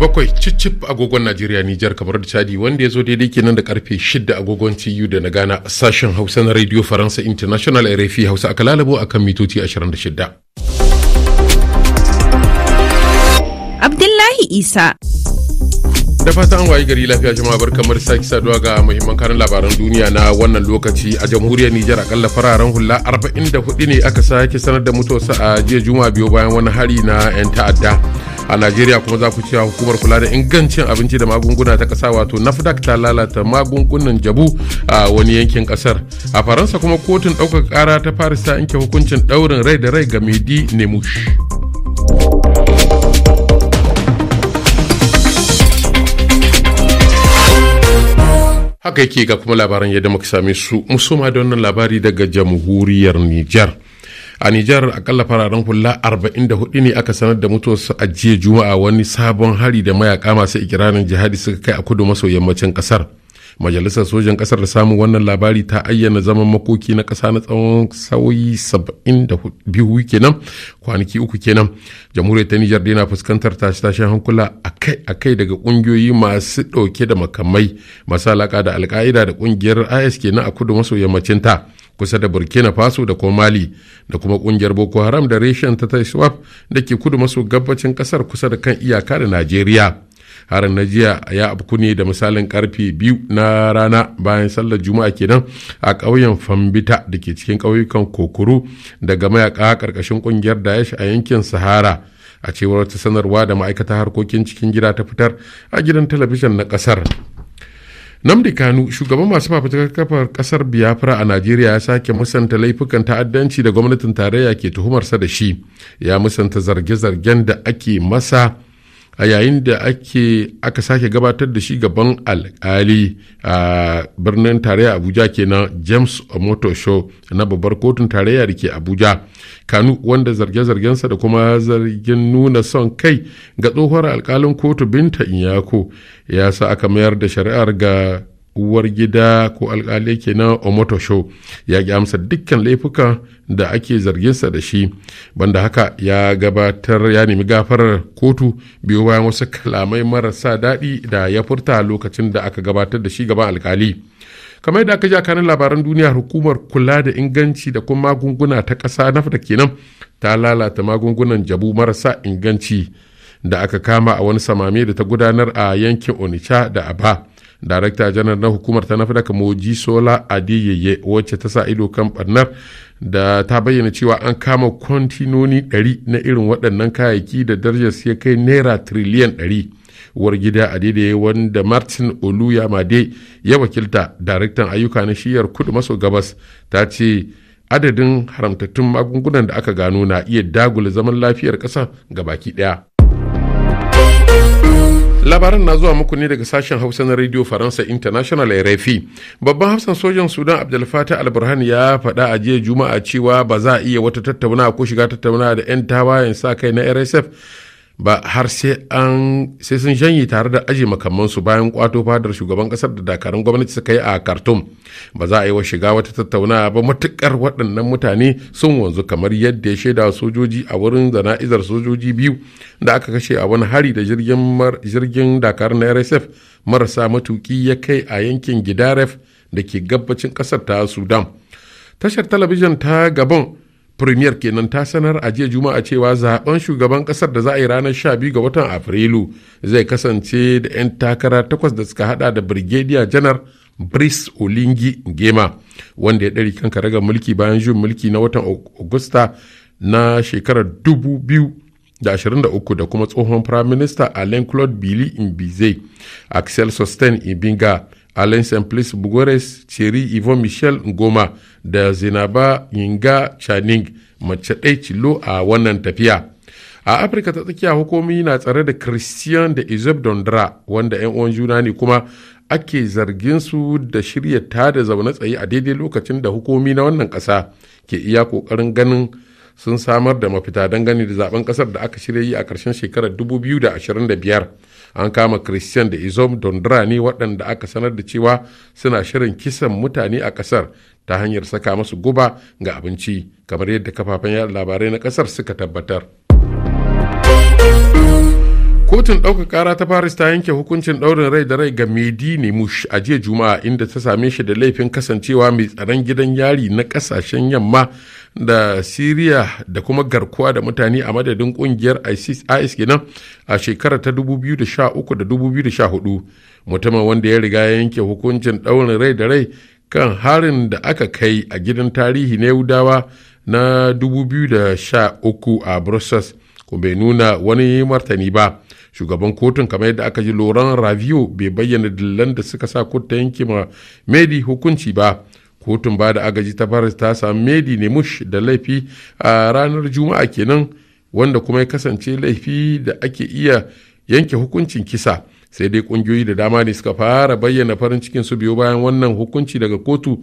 bakwai cicip agogon najeriya nijar kamar da chadi wanda ya zo daidai kenan da karfe shida agogon tu da na gana sashen hausa na radio faransa international rfi hausa aka lalabo a kan mitoci 26 abdullahi isa da fata an wayi gari lafiya jama'a bar kamar sake saduwa ga muhimman karin labaran duniya na wannan lokaci a jamhuriyar Nijar akalla fararen hula 44 ne aka sake sanar da mutuwarsa a jiya juma'a biyu bayan wani hari na 'yan ta'adda a najeriya kuma za ku cewa hukumar kula da ingancin abinci da magunguna ta kasa wato nafdac ta lalata magungunan jabu a wani yankin kasar a faransa kuma kotun ɗaukar ƙara ta paris ta inke hukuncin ɗaurin rai da rai ga medi nemush haka yake ga kuma labaran yadda muka same su musoma da wannan labari daga jamhuriyar nijar a nijar akalla fararen hula 44 ne aka sanar da mutuwarsu a jiya juma'a wani sabon hari da mayaka masu ikirarin jihadi suka kai a kudu maso yammacin kasar majalisar sojan kasar da samun wannan labari ta ayyana zaman makoki na kasa na tsawon sauyi 72 kenan kwanaki uku kenan jamhuriyar ta nijar dai na fuskantar tashe-tashen hankula akai-akai daga kungiyoyi masu dauke da makamai masu alaka da alka'ida da kungiyar is kenan a kudu maso yammacin ta kusa da burkina faso da kuma mali da kuma kungiyar boko haram da reshen ta taiswap da ke kudu maso gabacin kasar kusa da kan iyaka da najeriya harin na jiya ya afku ne da misalin karfe biyu na rana bayan sallar juma'a kenan a ƙauyen fambita da ke cikin ƙauyukan kokuru daga mayaka ƙarƙashin ƙungiyar daesh a yankin sahara a cewar wata sanarwa da ma'aikatar harkokin cikin gida ta fitar a gidan talabijin na ƙasar namdi kanu shugaban masu fafutukar kafar kasar biafra a najeriya ya sake musanta laifukan ta'addanci da gwamnatin tarayya ke tuhumarsa da shi ya musanta zarge-zargen da ake masa a yayin da ake aka sake gabatar da shi gaban alkali a birnin tarayya abuja kenan james omoto show na babbar kotun tarayya da ke abuja kanu wanda zarge-zargensa da kuma zargin nuna son kai ga tsohuwar alkalin kotu binta inyako ya sa aka mayar da shari'ar ga uwar gida ko alkali na omoto show ya ki amsa dukkan laifuka da ake zarginsa da shi banda haka ya gabatar ya nemi gafarar kotu biyo bayan wasu kalamai marasa daɗi da ya furta lokacin da aka gabatar da shi gaban alkali kamar yadda aka ji kanin labaran duniya hukumar kula da inganci da kuma magunguna ta ƙasa fada kenan ta lalata magungunan jabu marasa inganci da aka kama a wani samame da ta gudanar a yankin onitsha da aba darakta janar na hukumar ta nafi daga moji sola a adiyeye wacce ta sa ido kan barnar da ta bayyana cewa an kama kwantinoni 100 na irin waɗannan kayayyaki da darajar ya kai naira triliyan 100 uwar gida a daidai wanda martin oluya made ya wakilta daraktan ayyuka na shiyar kudu maso gabas ta ce adadin haramtattun magungunan da aka gano na iya dagula zaman lafiyar ƙasa ga baki ɗaya labaran na zuwa muku ne daga sashen hausa na radio faransa international rfi babban hafsan sojan sudan abdul al-burhan ya faɗa a jiya juma'a cewa ba za a iya wata tattaunawa ko shiga tattaunawa da 'yan tawayen sa kai na rsf ba har sai an sai sun shanye tare da aji makamansu bayan kwato fadar shugaban kasar da dakarun gwamnati suka yi a khartoum ba za a yi wa shiga wata tattaunawa ba matukar waɗannan mutane sun wanzu kamar yadda ya shaida sojoji a wurin zana'izar sojoji biyu da aka kashe a wani hari da jirgin dakar na rsf marasa matuki ya kai a yankin gidaref da ke gabacin kasar ta sudan tashar talabijin ta gabon premier kenan ta sanar a jiya juma'a cewa zaben shugaban kasar da za a yi ranar 12 ga watan afrilu zai kasance da 'yan takara takwas da suka hada da brigadier janar brice olingi gema wanda ya ɗari kanka raga mulki bayan jin mulki na watan augusta na shekarar 2023 da kuma tsohon prime minister alain claude bili mbize axel sustain ibinga Alain Simplice Bugores, Thierry Ivo Michel Ngoma da Zinaba Yinga Chaning mace ɗai cilo a wannan tafiya. A Afirka ta tsakiya hukumi na tsare da Christian da Izeb Dondra wanda 'yan uwan juna ne kuma ake zargin su da shirya ta da zaune tsaye a daidai lokacin da hukumi na wannan ƙasa ke iya ƙoƙarin ganin sun samar da mafita dangane da zaben ƙasar da aka shirya yi a ƙarshen shekarar 2025. an kama christian da izom dondrani waɗanda aka sanar da cewa suna shirin kisan mutane a ƙasar ta hanyar saka masu guba ga abinci kamar yadda kafafen yada labarai na ƙasar suka tabbatar kotun ɗaukar ƙara ta paris ta yanke hukuncin ɗaurin rai da rai ga medi mush a jiya juma'a inda ta same shi da laifin kasancewa mai tsaron gidan yari na ƙasashen yamma da siriya da kuma garkuwa da mutane a madadin ƙungiyar isis kenan a shekara ta 2013 da 2014 mutumin wanda ya riga ya yanke hukuncin ɗaurin rai da rai kan harin da aka kai a gidan tarihi na yaudawa na 2013 a brussels ko bai nuna wani martani ba shugaban kotun kamar yadda aka ji loran raviyo bai bayyana dillan da suka sa kotun ta yanke ma medi hukunci ba kotun ba da agaji ta faris ta samu medi ne mush da laifi a ranar juma'a kenan wanda kuma ya kasance laifi da ake iya yanke hukuncin kisa sai dai kungiyoyi da dama ne suka fara bayyana farin cikin su biyo bayan wannan hukunci daga kotu